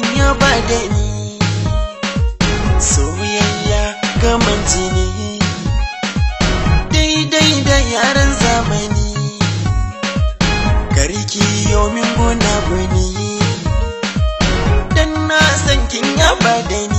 kin ba da ni soyayya kamar jini daidai da yaran zamani karki yomin gona guni dan na san kin ba da ni